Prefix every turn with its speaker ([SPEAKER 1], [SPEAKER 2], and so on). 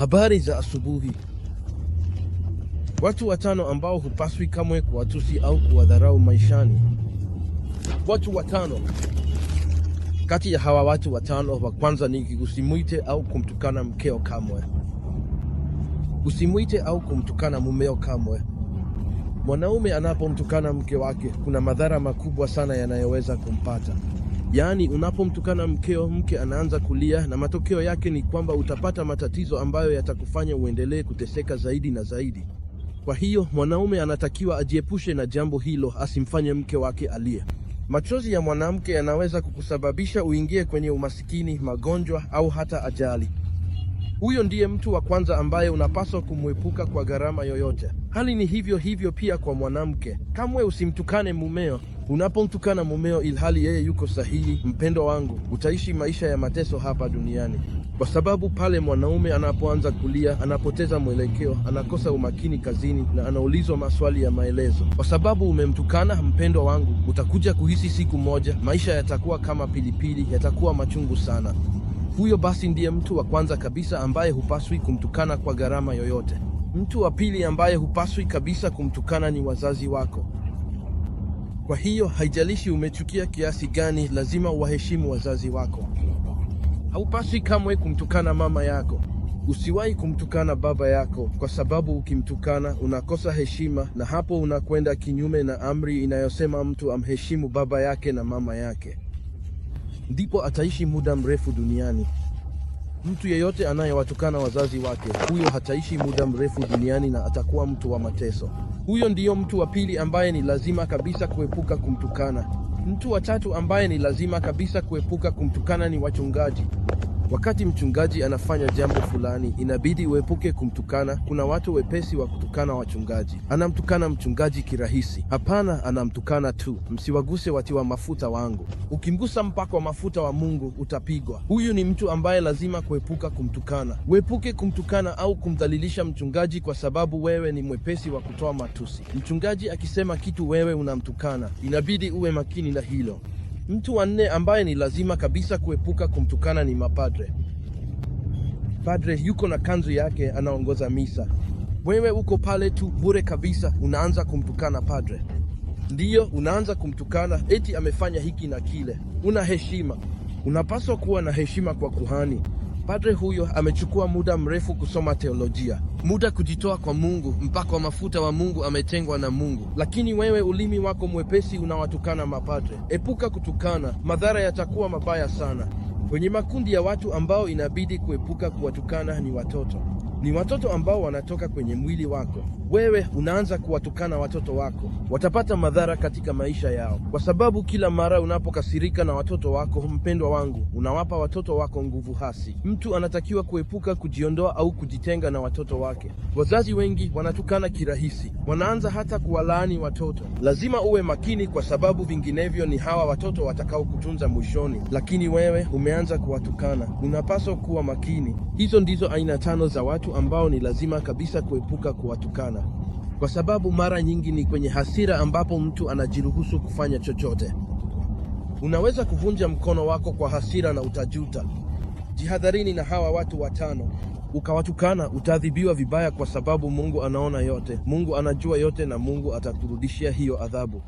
[SPEAKER 1] Habari za asubuhi. Watu watano ambao hupaswi kamwe kuwatusi au kuwadharau maishani. Watu watano. Kati ya hawa watu watano, wa kwanza ni usimwite au kumtukana mkeo kamwe. Usimwite au kumtukana mumeo kamwe. Mwanaume anapomtukana mke wake, kuna madhara makubwa sana yanayoweza kumpata. Yaani, unapomtukana mkeo, mke anaanza kulia, na matokeo yake ni kwamba utapata matatizo ambayo yatakufanya uendelee kuteseka zaidi na zaidi. Kwa hiyo mwanaume anatakiwa ajiepushe na jambo hilo, asimfanye mke wake alia Machozi ya mwanamke yanaweza kukusababisha uingie kwenye umasikini, magonjwa au hata ajali. Huyo ndiye mtu wa kwanza ambaye unapaswa kumwepuka kwa gharama yoyote. Hali ni hivyo hivyo pia kwa mwanamke. Kamwe usimtukane mumeo. Unapomtukana mumeo ilhali yeye yuko sahihi, mpendo wangu, utaishi maisha ya mateso hapa duniani, kwa sababu pale mwanaume anapoanza kulia, anapoteza mwelekeo, anakosa umakini kazini, na anaulizwa maswali ya maelezo. Kwa sababu umemtukana, mpendo wangu, utakuja kuhisi siku moja maisha yatakuwa kama pilipili, yatakuwa machungu sana. Huyo basi ndiye mtu wa kwanza kabisa ambaye hupaswi kumtukana kwa gharama yoyote. Mtu wa pili ambaye hupaswi kabisa kumtukana ni wazazi wako. Kwa hiyo haijalishi umechukia kiasi gani, lazima uwaheshimu wazazi wako. Haupaswi kamwe kumtukana mama yako. Usiwahi kumtukana baba yako, kwa sababu ukimtukana unakosa heshima, na hapo unakwenda kinyume na amri inayosema mtu amheshimu baba yake na mama yake ndipo ataishi muda mrefu duniani. Mtu yeyote anayewatukana wazazi wake, huyo hataishi muda mrefu duniani na atakuwa mtu wa mateso. Huyo ndiyo mtu wa pili ambaye ni lazima kabisa kuepuka kumtukana. Mtu wa tatu ambaye ni lazima kabisa kuepuka kumtukana ni wachungaji. Wakati mchungaji anafanya jambo fulani, inabidi uepuke kumtukana. Kuna watu wepesi wa kutukana wachungaji. Anamtukana mchungaji kirahisi? Hapana, anamtukana tu. Msiwaguse watiwa mafuta wangu. Ukimgusa mpako wa mafuta wa Mungu utapigwa. Huyu ni mtu ambaye lazima kuepuka kumtukana. Uepuke kumtukana au kumdhalilisha mchungaji, kwa sababu wewe ni mwepesi wa kutoa matusi. Mchungaji akisema kitu, wewe unamtukana. Inabidi uwe makini na hilo. Mtu wa nne ambaye ni lazima kabisa kuepuka kumtukana ni mapadre. Padre yuko na kanzu yake, anaongoza misa. Wewe uko pale tu bure kabisa, unaanza kumtukana padre. Ndiyo, unaanza kumtukana eti amefanya hiki na kile. Una heshima? Unapaswa kuwa na heshima kwa kuhani. Padre huyo amechukua muda mrefu kusoma teolojia. Muda kujitoa kwa Mungu, mpaka wa mafuta wa Mungu ametengwa na Mungu. Lakini wewe ulimi wako mwepesi unawatukana mapadre. Epuka kutukana, madhara yatakuwa mabaya sana. Kwenye makundi ya watu ambao inabidi kuepuka kuwatukana ni watoto ni watoto ambao wanatoka kwenye mwili wako. Wewe unaanza kuwatukana watoto wako, watapata madhara katika maisha yao, kwa sababu kila mara unapokasirika na watoto wako, mpendwa wangu, unawapa watoto wako nguvu hasi. Mtu anatakiwa kuepuka kujiondoa au kujitenga na watoto wake. Wazazi wengi wanatukana kirahisi, wanaanza hata kuwalaani watoto. Lazima uwe makini, kwa sababu vinginevyo ni hawa watoto watakaokutunza mwishoni. Lakini wewe umeanza kuwatukana, unapaswa kuwa makini. Hizo ndizo aina tano za watu watu ambao ni lazima kabisa kuepuka kuwatukana, kwa sababu mara nyingi ni kwenye hasira ambapo mtu anajiruhusu kufanya chochote. Unaweza kuvunja mkono wako kwa hasira na utajuta. Jihadharini na hawa watu watano. Ukawatukana utaadhibiwa vibaya, kwa sababu Mungu anaona yote, Mungu anajua yote, na Mungu atakurudishia hiyo adhabu.